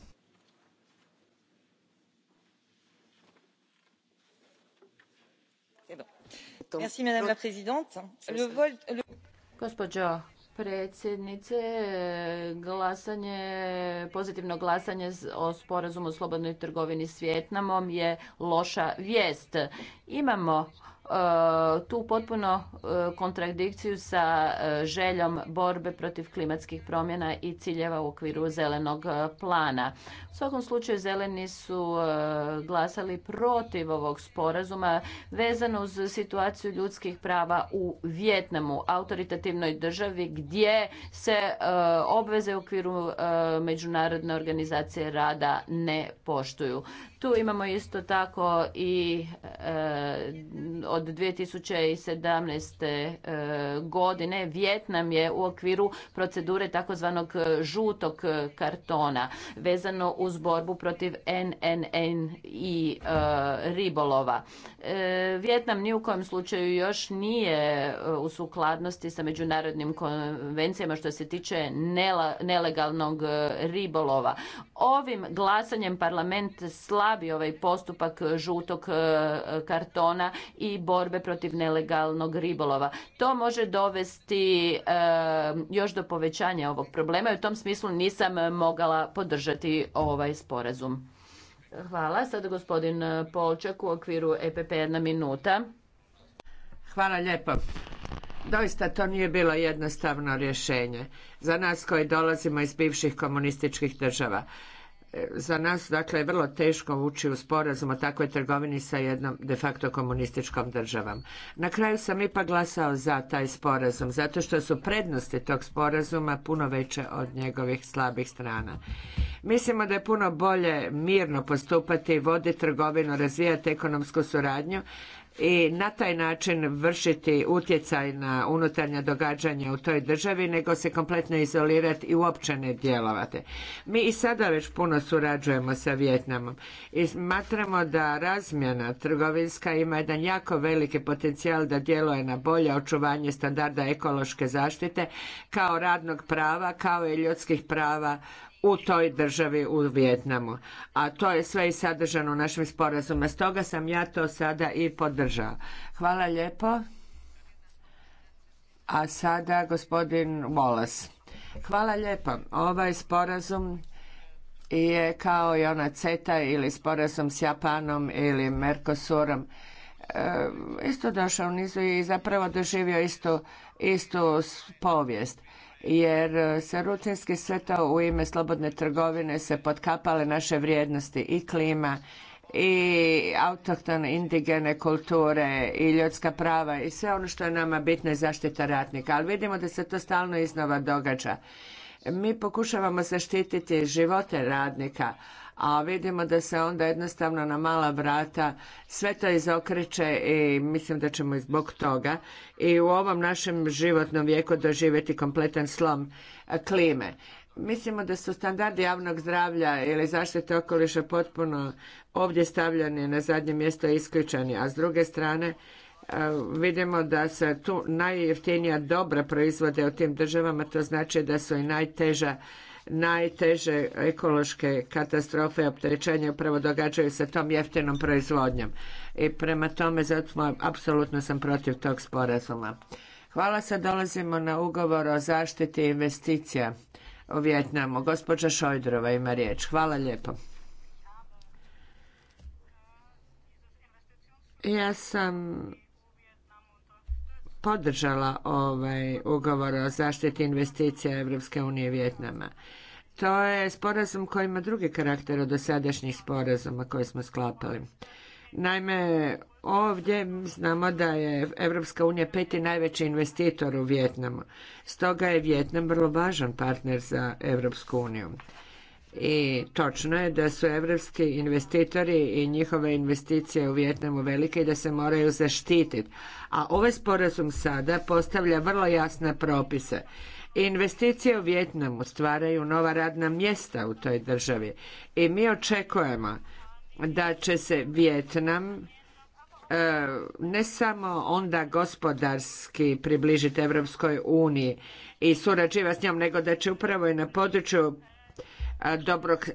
Gospođo predsjednice, glasanje, pozitivno glasanje o sporazumu o slobodnoj trgovini s Vijetnamom je loša vijest. Imamo Eh, tu potpuno eh, kontradikciju sa eh, željom borbe protiv klimatskih promjena i ciljeva u okviru zelenog plana. U svakom slučaju zeleni su glasali protiv ovog sporazuma vezano uz situaciju ljudskih prava u Vjetnamu, autoritativnoj državi gdje se obveze u okviru Međunarodne organizacije rada ne poštuju. Tu imamo isto tako i e, od 2017. E, godine Vjetnam je u okviru procedure takozvanog žutog kartona vezano uz borbu protiv NNN i e, ribolova. E, Vjetnam ni u kojem slučaju još nije e, u sukladnosti sa međunarodnim konvencijama što se tiče nelegalnog ribolova. Ovim glasanjem parlament slavio slabi ovaj postupak žutog e, kartona i borbe protiv nelegalnog ribolova. To može dovesti e, još do povećanja ovog problema i u tom smislu nisam mogala podržati ovaj sporazum. Hvala. Sada gospodin e, Polčak u okviru EPP jedna minuta. Hvala lijepo. Doista to nije bilo jednostavno rješenje za nas koji dolazimo iz bivših komunističkih država. E, za nas dakle je vrlo teško ući u sporazum o takvoj trgovini sa jednom de facto komunističkom državom. Na kraju sam ipak glasao za taj sporazum zato što su prednosti tog sporazuma puno veće od njegovih slabih strana. Mislimo da je puno bolje mirno postupati, voditi trgovinu, razvijati ekonomsku suradnju i na taj način vršiti utjecaj na unutarnja događanja u toj državi, nego se kompletno izolirati i uopće ne djelovati. Mi i sada već puno surađujemo sa Vijetnamom. i smatramo da razmjena trgovinska ima jedan jako veliki potencijal da djeluje na bolje očuvanje standarda ekološke zaštite kao radnog prava, kao i ljudskih prava u toj državi u Vjetnamu. A to je sve i sadržano u našim sporazumu. Stoga sam ja to sada i podržao. Hvala lijepo. A sada gospodin Wallace. Hvala lijepo. Ovaj sporazum je kao i ona CETA ili sporazum s Japanom ili Mercosurom eh, isto došao u nizu i zapravo doživio istu povijest jer e, se rutinski sve to u ime slobodne trgovine se potkapale naše vrijednosti i klima i autohtone indigene kulture i ljudska prava i sve ono što je nama bitno je zaštita ratnika. Ali vidimo da se to stalno iznova događa. Mi pokušavamo zaštititi živote radnika, a vidimo da se onda jednostavno na mala vrata sve to izokreće i mislim da ćemo i zbog toga i u ovom našem životnom vijeku doživjeti kompletan slom e, klime. Mislimo da su standardi javnog zdravlja ili zaštite okoliša potpuno ovdje stavljeni na zadnje mjesto isključeni, a s druge strane e, vidimo da se tu najjeftinija dobra proizvode u tim državama, to znači da su i najteža najteže ekološke katastrofe i opterećenja upravo događaju sa tom jeftinom proizvodnjom. I prema tome, zato apsolutno sam protiv tog sporazuma. Hvala sad dolazimo na ugovor o zaštiti investicija u Vjetnamu. Gospođa Šojdrova ima riječ. Hvala lijepo. Ja sam podržala ovaj ugovor o zaštiti investicija Evropske unije Vjetnama. To je sporazum koji ima drugi karakter od dosadašnjih sporazuma koje smo sklapali. Naime, ovdje znamo da je Europska unija peti najveći investitor u Vjetnamu. Stoga je Vjetnam vrlo važan partner za Evropsku uniju. I točno je da su evropski investitori i njihove investicije u Vjetnamu velike i da se moraju zaštititi. A ovaj sporazum sada postavlja vrlo jasne propise. Investicije u Vjetnamu stvaraju nova radna mjesta u toj državi i mi očekujemo da će se Vjetnam e, ne samo onda gospodarski približiti Evropskoj uniji i surađivati s njom, nego da će upravo i na području E, dobrog e,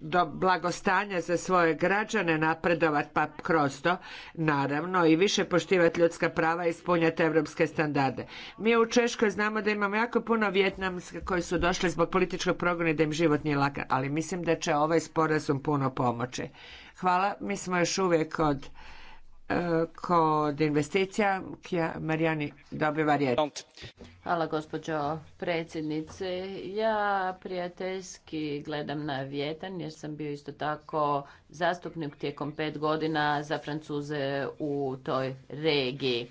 do blagostanja za svoje građane napredovat pa kroz to naravno i više poštivati ljudska prava i ispunjati europske standarde. Mi u Češkoj znamo da imamo jako puno Vjetnamske koji su došli zbog političkog progona i da im život nije lak ali mislim da će ovaj sporazum puno pomoći. Hvala, mi smo još uvijek od kod investicija Marijani Hvala gospođo predsjednice. Ja prijateljski gledam na Vjetan jer sam bio isto tako zastupnik tijekom pet godina za Francuze u toj regiji.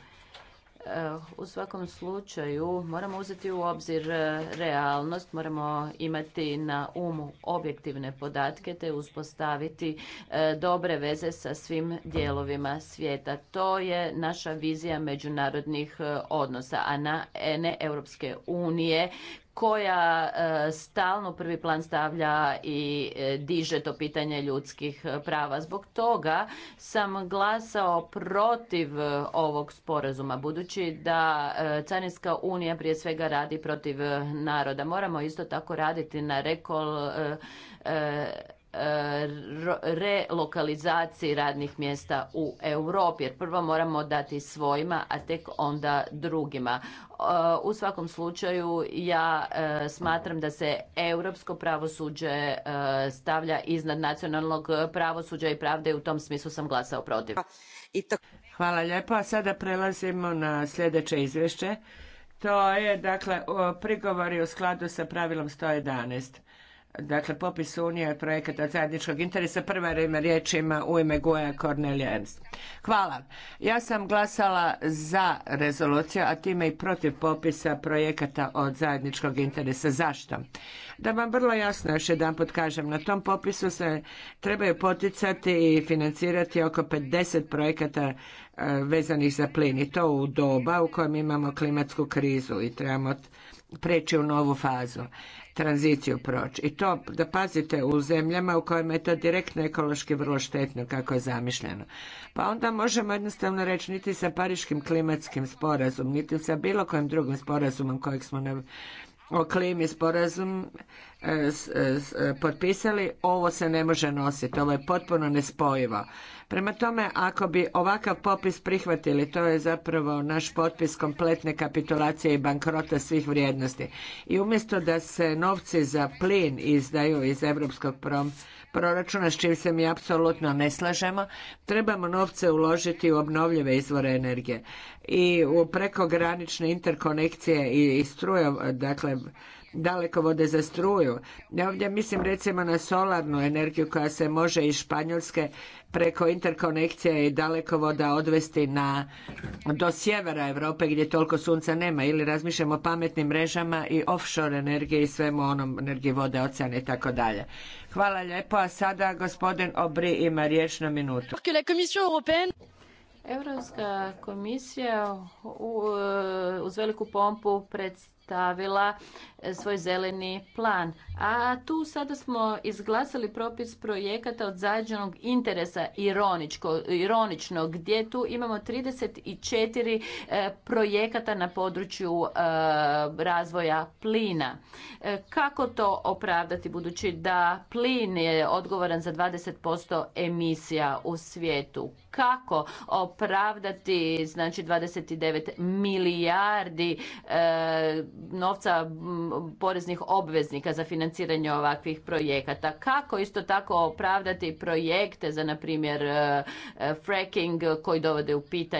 Eh, u svakom slučaju moramo uzeti u obzir eh, realnost, moramo imati na umu objektivne podatke te uspostaviti eh, dobre veze sa svim dijelovima svijeta. To je naša vizija međunarodnih odnosa, a ne Europske unije koja e, stalno prvi plan stavlja i e, diže to pitanje ljudskih e, prava. Zbog toga sam glasao protiv ovog sporazuma, budući da Carinska unija prije svega radi protiv naroda. Moramo isto tako raditi na rekol relokalizaciji radnih mjesta u Europi, jer prvo moramo dati svojima, a tek onda drugima. E, u svakom slučaju ja e, smatram da se europsko pravosuđe e, stavlja iznad nacionalnog pravosuđa i pravde i u tom smislu sam glasao protiv. Hvala lijepo, a sada prelazimo na sljedeće izvješće. To je, dakle, prigovori u skladu sa pravilom 111 dakle popis Unije projekata od zajedničkog interesa. Prva riječ ima u ime Goja Kornelija Hvala. Ja sam glasala za rezoluciju, a time i protiv popisa projekata od zajedničkog interesa. Zašto? Da vam vrlo jasno još jedan put kažem, na tom popisu se trebaju poticati i financirati oko 50 projekata e, vezanih za plin i to u doba u kojem imamo klimatsku krizu i trebamo preći u novu fazu tranziciju proći. I to da pazite u zemljama u kojima je to direktno ekološki vrlo štetno kako je zamišljeno. Pa onda možemo jednostavno reći niti sa pariškim klimatskim sporazum, niti sa bilo kojim drugim sporazumom kojeg smo o klimi sporazum e, e, e, potpisali, ovo se ne može nositi, ovo je potpuno nespojivo. Prema tome, ako bi ovakav popis prihvatili, to je zapravo naš potpis kompletne kapitulacije i bankrota svih vrijednosti. I umjesto da se novci za plin izdaju iz europskog prom proračuna, s čim se mi apsolutno ne slažemo, trebamo novce uložiti u obnovljive izvore energije i u prekogranične interkonekcije i struje, dakle, dalekovode za struju. Ja ovdje mislim recimo na solarnu energiju koja se može iz Španjolske preko interkonekcija i dalekovoda odvesti na, do sjevera Europe gdje toliko sunca nema ili razmišljamo o pametnim mrežama i offshore energije i svemu onom energiji vode, oceane i tako dalje. Hvala lijepo, sada gospodin Obri ima riječ na minutu. Europska komisija uz veliku pompu predstavila svoj zeleni plan. A tu sada smo izglasali propis projekata od zajednog interesa ironičko, ironično, gdje tu imamo 34 e, projekata na području e, razvoja plina. E, kako to opravdati budući da plin je odgovoran za 20% emisija u svijetu? Kako opravdati znači 29 milijardi novca poreznih obveznika za financiranje ovakvih projekata. Kako isto tako opravdati projekte za, na primjer, eh, eh, fracking koji dovode u pitanje